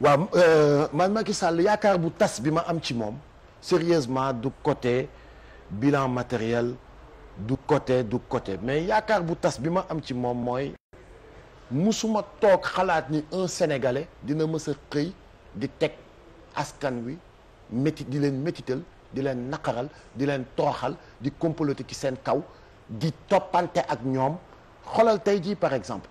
waaw euh, man Macky sàll yaakaar bu tas bi ma am ci moom sérieusement du côté bilan matériel du côté du côté mais yaakaar bu tas bi ma am ci moom mooy musuma toog xalaat ni un sénégalais dina mës a xëy di teg askan wi métti di leen métital di leen naqaral di leen tooxal di comploter ci seen kaw di toppante ak ñoom xoolal tey jii par exemple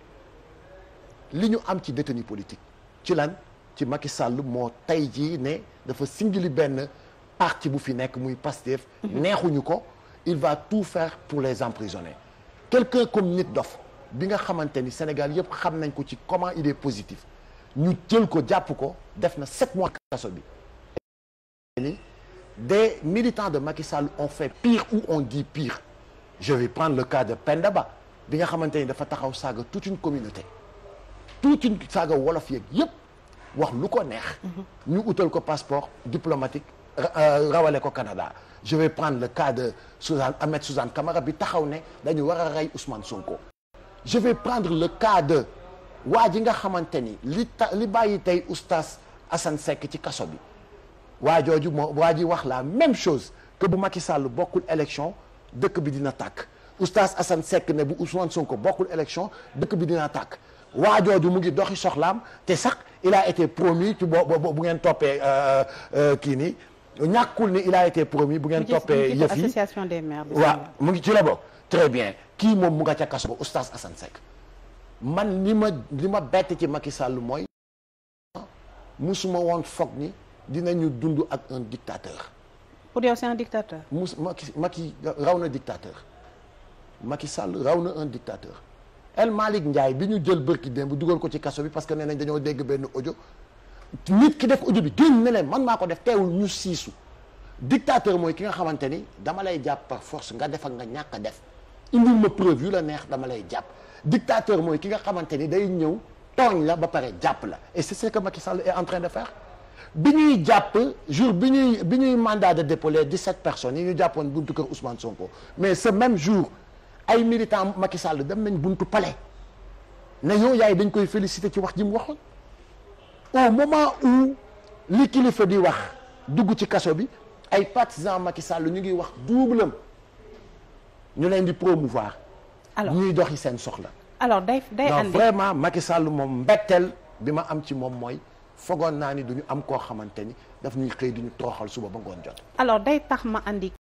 li ñu am ci détenu politique ci lan ci Macky Sall moo tey jii ne dafa singili benn parti bu fi nekk muy Pastef neexuñu ko il va tout faire pour les emprisonner quelqu'un comme nit dof bi nga xamante ni Sénégal yëpp xam nañ ko ci comment il est positif ñu jël ko jàpp ko def na sept mois kaso bi ni des militants de Macky Sall ont fait pire ou ont dit pire je vais prendre le cas de Penda Ba bi nga xamante ni dafa taxaw saaga tout une communauté toute une saaga wolof yeeg yëpp wax lu ko neex. ñu utal ko passeport diplomatique euh, rawale ko Canada je vais prendre le cas de Suzanne Ahmed Suzanne Camara bi taxaw ne dañu war a rey Ousmane Sonko. je vais prendre le cas de ji nga xamante ni li ta bàyyi tey oustaz Assane Seck ci kaso bi waa jooju moo waa ji wax la même chose que bu Macky Sall bokkul élection dëkk bi dina tàkk oustaz Assane sekk ne bu Ousmane Sonko bokkul élection dëkk bi dina tàkk. jooju mu ngi doxi soxlaam te sax il a été promis ci boo bu ngeen toppee euh, euh, euh, kii nii ñàkkul ni il a été promis bu ngeen toppee yëf yi association des maires waaw mu ngi ci la bokk très bien kii moom mu nga ca kaso ba man li ma li bett ci Macky Sall mooy musuma woon foog ni ñu dund ak un dictateur pour yow c'est un dictateur mus raw na dictateur Macky Sall raw na un dictateur El Malick njaay bi ñu jël bërki démb dugal ko ci kaso bi parce que nee nañ dañoo dégg benn audio nit ki def ojo bi génn ne leen man maa ko def teewul ñu siisu dictateur mooy ki nga xamante ni dama lay jàpp par force nga def ak nga ñàkk a def indil ma preuve yu la neex dama lay jàpp dictateur mooy ki nga xamante ni day ñëw tooñ la ba pare jàpp la et c'est ce que Macky Sall est en train de faire bi ñuy jàpp jour bi ñuy bi ñuy mandat de dépôt les 17 personnes yi ñu jàppoon buntu kër Ousmane mais ce même jour ay militant Macky Sall dem nañ buntu palais na yow yaay dañ koy féliciter ci wax ji mu waxoon au moment où li kilifa di wax dugg ci kaso bi ay partisans Macky Sall ñu ngi wax doublem ñu leen di promouvoir. alors ñuy doxi seen soxla. alors day day andi vraiment Macky Sall moom mbetteel bi ma am ci moom mooy. foogoon naa ni duñu am koo xamante ni daf ñuy xëy di ñu tooxal suba ba ngoon jot alors day tax ma andi